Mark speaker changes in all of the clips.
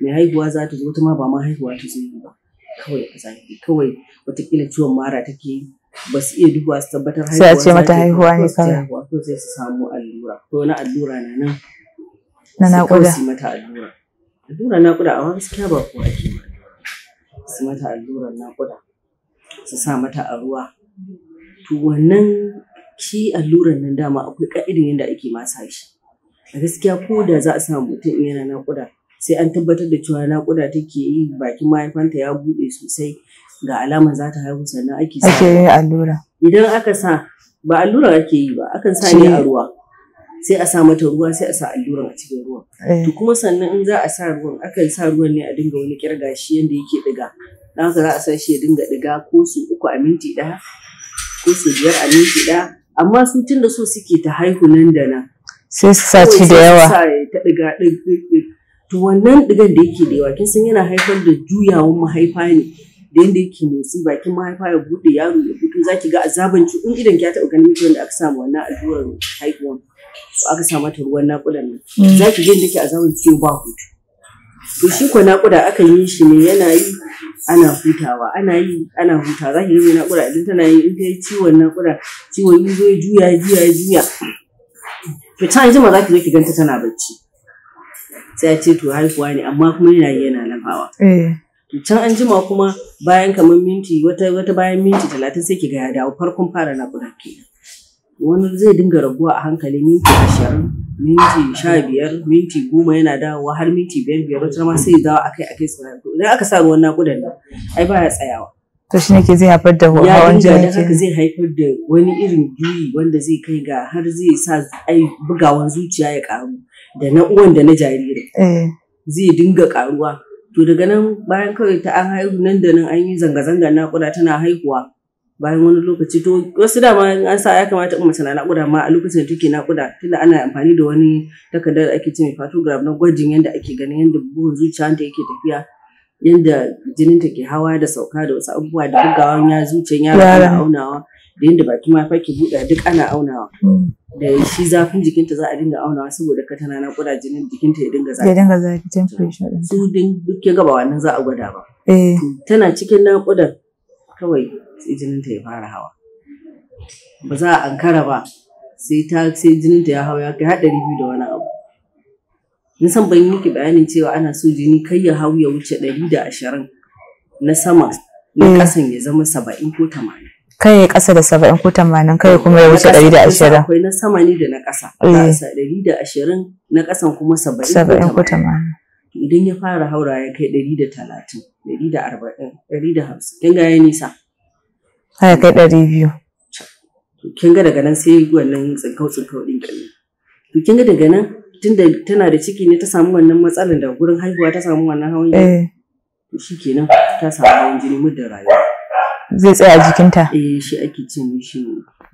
Speaker 1: mai haihuwa za ta zo ta ma ba ma haihuwa ta zo ba kawai a zahiri kawai watakila ciwon mara take ba su iya duba su tabbatar haihuwa sai a ce mata haihuwa ne kawai ko sai su samu allura ko na allura na nan
Speaker 2: na naƙuda su
Speaker 1: mata allura allura naƙuda a wani gaskiya ba kowa ake ba su mata allurar naƙuda su sa mata a ruwa to wannan shi alluran nan dama akwai ka'idin yadda ake masa shi a gaskiya ko da za a samu mutum yana naƙuda sai an tabbatar da cewa naƙuda take yi bakin mahaifanta ya buɗe sosai ga alama za ta haihu sannan ake sa ake yin allura idan aka sa ba allura ake yi ba akan sa ne a ruwa sai a sa mata ruwa sai a sa allura a cikin ruwa. Eh. to kuma sannan in za a sa ruwan akan sa ruwan ne a dinga wani kirga shi yanda yake diga dan haka za a sa shi ya dinga diga ko su uku a minti ɗaya ko su biyar a minti ɗaya amma su tunda da so suke ta haihu nan da nan sai su sa ci da yawa ta din to wannan digan da yake da yawa kin san yana haifar da juyawan mahaifa ne da yanda yake motsi bakin mahaifa ya bude yaro ya fito zaki ga azaban ci in idan ki taɓa ganin miki wanda aka samu wannan allurar haihuwan ko aka samu ta ruwan naƙudan nan mm. zaki ga yanda yake azaban ci ba hutu to shi ko naƙuda aka yi shi ne yana yi ana hutawa ana yi ana hutawa zaki ga mai naƙuda idan tana yi in ta yi ciwon naƙuda ciwon yi zo juya juya juya to can yanzu ma zaki zo ki ganta tana bacci sai ya ce to haihuwa ne amma kuma yana yi yana lafawa eh. can an jima kuma bayan kamar minti wata wata bayan minti talatin sai ki ga ya dawo farkon fara naƙuda kenan wani zai dinga raguwa a hankali minti ashirin minti sha biyar minti goma yana dawowa har minti biyar biyar wata ma sai dawo akai akai su idan aka sa ruwan naƙudan nan ai baya tsayawa
Speaker 2: to shi ke zai haifar da hawan jini ya haka
Speaker 1: zai haifar da wani irin juyi wanda zai kai ga har zai sa ai bugawan zuciya ya karu da na uwan da na jariri eh. zai dinga karuwa to daga nan bayan kawai ta an haihu nan da nan an yi zanga-zanga naƙuda tana haihuwa bayan wani lokaci to wasu dama an sa ya kamata in mace na naƙuda ma a lokacin da take naƙuda tunda ana amfani da wani takardar da ake cewa photograph na gwajin yadda ake ganin yadda bugun zuciyanta yake tafiya yadda jinin ta ke hawa da sauka da wasu abubuwa da bugawan ya zuciyan yaro ana aunawa da yadda baki ma fa ki buɗa duk ana aunawa mm. da shi zafin jikinta za a dinga aunawa saboda katana na kuda jinin jikinta ya dinga zafi ya
Speaker 2: dinga zafi temperature din
Speaker 1: su din duk ya gaba wannan za a gwada ba eh tana cikin naƙudan kawai sai jininta ya fara hawa ba za a ankara ba sai ta sai jininta ya hawa ya kai haɗari biyu da wani abu na san ban yi miki bayanin cewa ana so jini kai ya hau ya wuce ɗari da ashirin na sama na eh. ƙasan ya zama saba'in ko tamanin
Speaker 2: kai ya kasa da saba'in ko tamanin kai kuma ya wuce ɗari da ashirin.
Speaker 1: Akwai na sama ne da na ƙasa.
Speaker 2: Eh. Ɗari
Speaker 1: da ashirin na ƙasan kuma saba'in ko tamanin. Idan ya fara haura ya kai ɗari da talatin, ɗari da arba'in, ɗari da hamsin. Kin ga ya nisa. ya kai ɗari biyu. Kin ga daga nan sai wannan tsinkau tsinkau ɗin kenan. To kin ga daga nan tunda tana da ciki ne ta samu wannan matsalar da gurin haihuwa ta samu wannan hawan jini. Eh. To shi kenan ta samu hawan jini muddin rayuwa. zai tsaya jikinta eh shi ake ce mishi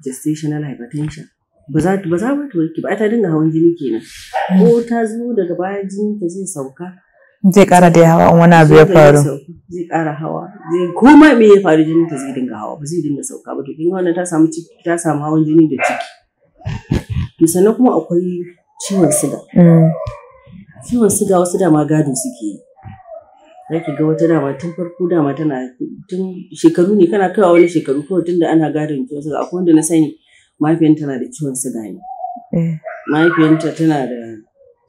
Speaker 1: gestational hypertension ba za ba za ta
Speaker 2: warke ba ta dinga hawan jini kenan
Speaker 1: ko ta zo daga baya jini ta zai sauka
Speaker 2: zai kara da hawa in wani abu ya faru
Speaker 1: zai kara hawa zai koma me ya faru jini ta zai dinga hawa ba zai dinga sauka ba to kin wannan ta samu ciki ta samu hawan jini da ciki to sannan kuma akwai ciwon
Speaker 2: siga mm.
Speaker 1: ciwon siga wasu dama gado suke yi zaki ga wata dama tun farko dama tana tun shekaru ne kana kaiwa wani shekaru kawai tunda ana gadon ciwon suga akwai wanda na sani mahaifiyan tana da ciwon suga ne eh. mahaifiyanta tana da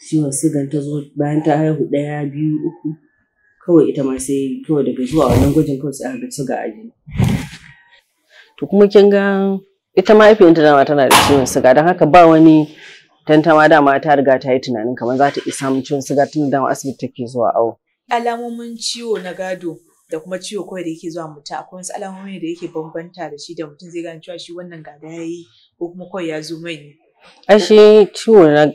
Speaker 1: ciwon suga ta zo bayan ta haihu ɗaya biyu uku kawai ita ma sai kawai daga zuwa wannan gwajin kawai sai aka suga a jini to kuma kin ga ita mahaifiyanta dama tana da ciwon suga don haka ba wani tantama dama ta riga ta yi tunanin kamar za ta iya samun ciwon suga tun dama asibiti take zuwa awo
Speaker 2: alamomin ciwo na gado da kuma ciwo kawai da yake zuwa mutum akwai wasu alamomi da yake bambanta da shi da mutum zai gane cewa shi wannan gada ya yi ko kuma kawai ya zo mai ne.
Speaker 1: Ashe ciwon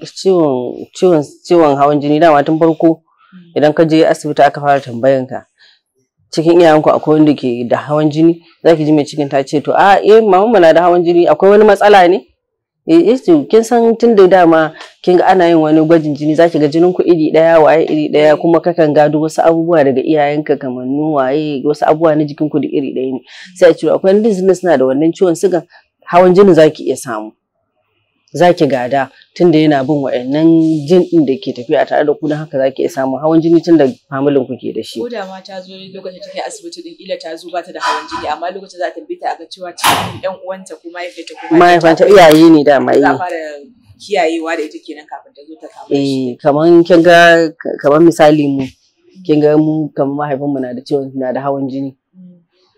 Speaker 1: ciwon hawan jini dama tun farko hmm. idan ka je asibiti aka fara tambayan ka cikin iyayenku akwai wanda ke da hawan jini zaki ji mai cikin ta ce to a ah, eh mama na da hawan jini akwai wani matsala ne yesu eh, eh, kin san tun da dama kin ga ana yin wani gwajin jini zaki ga jinin ku iri daya waye iri daya kuma kakan gado wasu abubuwa daga iyayenka kamar waye wasu abubuwa na jikin ku da iri daya ne sai a ce akwai wani suna da wannan ciwon sugan hawan jinin zaki iya samu za ki gada tunda yana bin wa'annan jin din da ke tafiya tare da ku don haka za ki iya samun hawan jini tun da familin ku ke da shi. Ko
Speaker 2: da ma ta zo lokacin ta kai asibiti din ila ta zo ba ta da hawan jini amma lokacin za ta bita ta ga cewa cikin ɗan uwanta ko mahaifiyarta ko mahaifiyarta iyaye ne da ma yi. Za fara kiyayewa da ita kenan kafin ta zo ta kama shi.
Speaker 1: Eh kaman kin ga kaman misali mu kin ga mu kaman mahaifinmu na da ciwon na da hawan jini.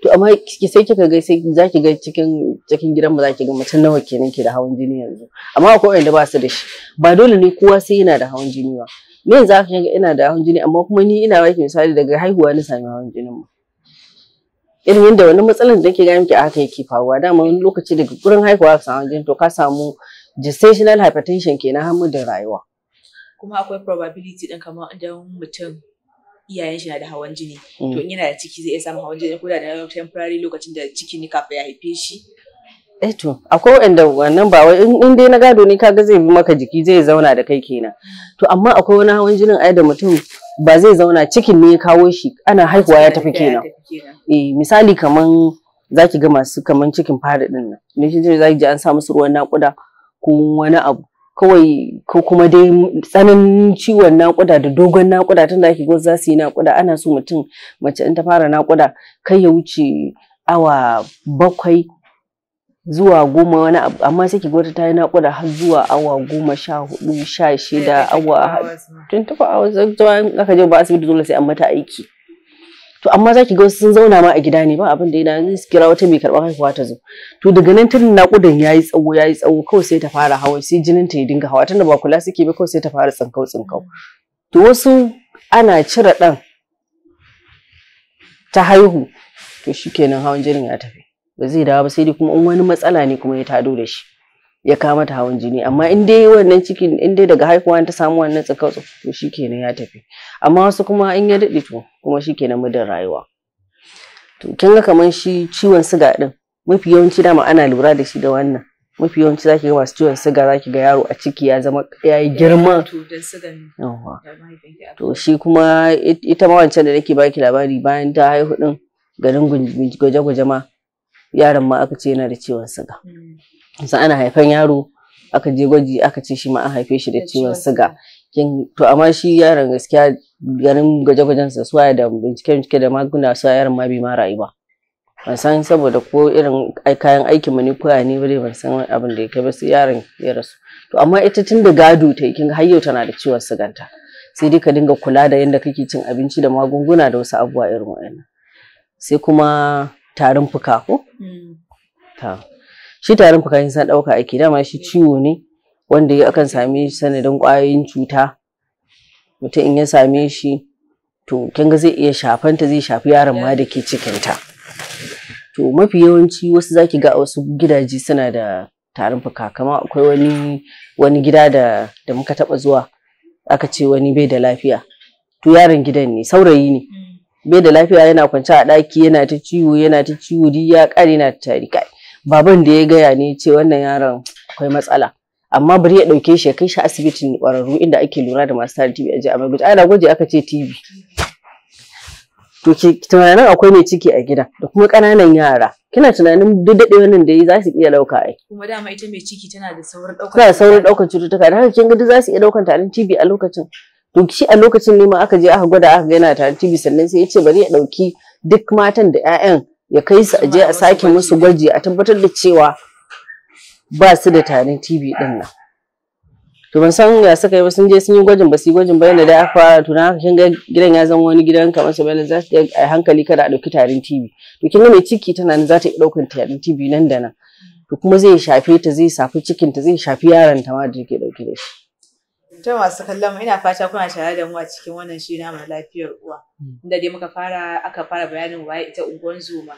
Speaker 1: to amma ki sai kika ga sai za ki ga cikin cikin gidan mu za ki ga mutum nawa kenan ke da hawan jini yanzu amma akwai wanda ba su da shi ba dole ne kowa sai yana da hawan jini ba ni yanzu aka ga ina da hawan jini amma kuma ni ina ba ki misali daga haihuwa na sami hawan jinin mu irin yadda wani matsalar da ke gaya miki haka yake faruwa dama wani lokaci daga gurin haihuwa ka samu jini to ka samu gestational hypertension kenan mu da rayuwa
Speaker 2: kuma akwai probability din kamar idan mutum iyayen shi na da hawan jini mm. to in yana da ciki zai iya samun hawan jini ko da na temporary lokacin da ciki ni kafin ya haife shi
Speaker 1: eh to akwai wanda wannan ba wai in dai na gado ne kaga zai bi maka jiki zai zauna da kai kenan to amma akwai wani hawan jinin ai da mutum ba zai zauna cikin ne ya kawo shi ana haihuwa ya tafi kenan eh misali kaman zaki ga masu kaman cikin fara din nan ne shi zaki ji an sa musu ruwan nakuda ko wani abu kawai ko kuma dai tsananin ciwon naƙuda da dogon naƙuda tun da ake gwa za su yi naƙuda ana so mutum mace in ta fara naƙuda kai ya wuce awa bakwai zuwa goma wani amma sai ki gwada ta yi naƙuda har zuwa awa goma sha hudu sha shida awa tun tafa awa aka je ba asibiti dole sai an mata aiki. to amma zaki ga sun zauna ma a gida ne ba abin da yana zai kira wata mai karɓar haihuwa ta zo to daga nan na kudin yayi tsawo yayi tsawo kawai sai ta fara hawa sai jinin ta ya dinga hawa tunda ba kula suke ba kawai sai ta fara tsinkau tsinkau to wasu ana cire ɗan ta haihu to shikenan hawan jinin ya tafi ba zai dawo ba sai dai kuma in wani matsala ne kuma ya tado da shi ya kama ta hawan jini amma in dai wannan cikin in dai daga haihuwa ta samu wannan tsakautsu to shikenan ya tafi amma wasu kuma in ya daɗe to kuma shikenan mudan rayuwa to kin ga kaman shi ciwon siga din mafi yawanci dama ana lura da shi da wannan mafi yawanci zaki ga masu ciwon siga zaki ga yaro a ciki ya zama ya yi girma to shi kuma ita ma wancan da nake baki labari bayan ta haihu din garin gwaje-gwaje ma yaron ma aka ce yana da ciwon siga hmm. sai ana haifan yaro aka je gwaji aka ce shi ma an haife shi da ciwon siga to amma shi yaron gaskiya garin gwaje-gwajen sa suwaye da bincike-bincike da magunguna suwa yaron ma bai ma rayuwa ban san saboda ko irin kayan aikin mu ne ko ne bare ban san abin da yake ba sai yaron ya rasu to amma ita tun da gado ta kin har yau tana da ciwon siganta sai dai ka dinga kula da yanda kake cin abinci da magunguna da wasu abubuwa irin waɗannan sai kuma tarin fuka ko hmm. ta shi tarin fuka kin san ɗauka ake dama shi ciwo ne wanda ya akan same shi sanadin ƙwayoyin cuta mutum in ya same shi to kin zai iya shafanta zai shafi yaron ma da ke cikinta to mafi yawanci wasu zaki ga a wasu gidaje suna da tarin fuka kamar akwai wani wani gida da da muka taba zuwa aka ce wani bai da lafiya to yaron gidan ne saurayi ne mm. bai da lafiya yana kwance a ɗaki yana ta ciwo yana ta ciwo ya kare yana ta tari kai baban da ya gaya ne ce wannan yaron akwai matsala amma bari ya ɗauke shi ya kai shi asibitin ƙwararru inda ake lura da masu tara TB a ji a Maiduguri ana gwaji aka ce TB to ke tunanin akwai mai ciki a gida da kuma ƙananan yara kina tunanin duk daɗe wannan da yi za su iya ɗauka ai
Speaker 2: kuma dama ita mai ciki tana da saurin ɗaukar tana saurin
Speaker 1: ɗaukar cututtuka da haka kin ga duk za su iya ɗaukar tarin TB a lokacin to shi a lokacin ne ma aka je aka gwada aka ga yana tarin TB sannan sai ya ce bari ya ɗauki duk matan da 'ya'yan ya kai su aje a sake musu gwaji a tabbatar da cewa ba su da tarin TB din nan. To ban san ya saka yi ba sun je sun yi gwajin ba su yi gwajin ba yana da ya fara to na gidan ya zama wani gidan kamar su bayan za ta a hankali kada a dauki tarin TB. To kin ga mai ciki tana nan za ta daukan tarin TB nan da nan. To kuma zai shafe ta zai shafi cikin ta zai shafi yaron ta ma da take
Speaker 2: dauke da shi. Ta masu kallon ina fata kuna tare da mu a cikin wannan shi na lafiyar uwa. Mm. Inda dai muka fara aka fara bayanin waye ita unguwan zoma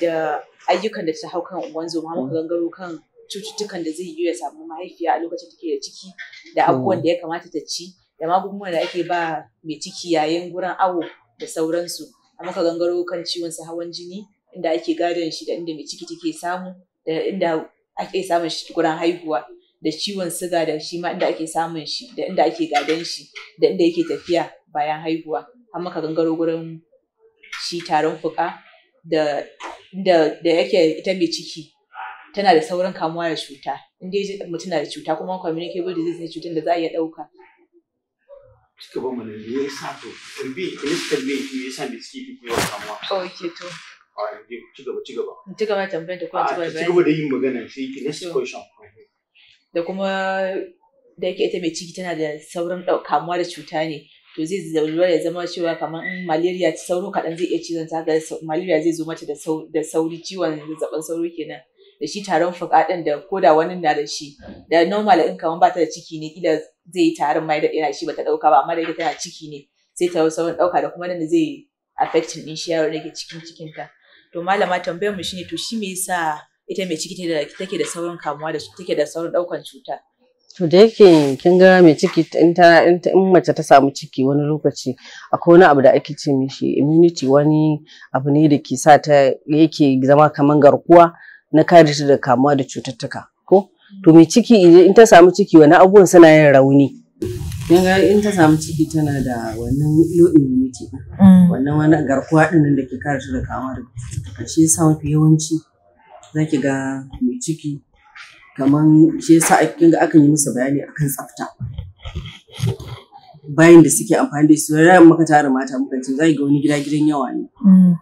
Speaker 2: da ayyukan da ta hau kan unguwan zoma muka mm. gangaro kan cututtukan da zai yi ya samu mahaifiya a lokacin take da ciki da mm. abubuwan da ya kamata ta ci da magungunan da ake ba mai ciki yayin gurin awo da sauransu. A muka gangaro kan ciwon su hawan jini inda ake gadon shi da inda mai ciki take samu da inda ake samun shi gurin haihuwa. da ciwon siga da shi ma inda ake samun shi da inda ake gadon shi da inda yake tafiya bayan haihuwa har maka gangaro gurin shi tarin fuka da da da yake ita mai ciki tana da sauran kamuwa da cuta in dai mutuna na da cuta kuma communicable disease ne cutar da za a iya ɗauka. Suka ba mu da yasa to tambi initial me me yasa mai suke fi yawan kamuwa. Okay to. Ci gaba ci gaba. Ci gaba tambayar da kuma ci gaba. Ci gaba da yin magana sai next question. da kuma da yake ita mai ciki tana da sauran kamuwa da cuta ne to zai zaura ya zama cewa kamar in malaria sauro kaɗan zai iya cizon ta ga malaria zai zo mata da sauri ciwon zazzabin sauro kenan da shi tarin fuka ɗin da ko da wani na da shi da normal in kamar ba ta da ciki ne kila zai yi tarin mai da ɗaya shi ba ɗauka ba amma da ita tana ciki ne sai ta sauran ɗauka da kuma nan zai affecting ɗin shi yaro da ke cikin cikinta to malama tambayar mu shine to shi me yasa ita mai ciki take da saurin kamuwa da take da saurin daukan cuta
Speaker 1: to da yake kin ga mai ciki in ta in mace ta samu ciki wani lokaci akwai wani abu da ake ce mishi immunity wani abu ne da ke sa ta yake zama kamar garkuwa na kare ta da kamuwa da cututtuka ko to mai ciki in ta samu ciki wani abubuwan suna yin rauni kin ga in ta samu ciki tana da wannan low immunity mm. wannan wani garkuwa din da ke kare ta da kamuwa da cututtuka shi yasa mafi yawanci za ki ga mai ciki kamar shi yasa kin ga akan yi masa bayani akan tsafta bayan da suke amfani da su rayan maka tara mata muka ce za ga wani gida gidan yawa ne mm.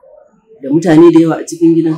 Speaker 1: da mutane da yawa a cikin gidan.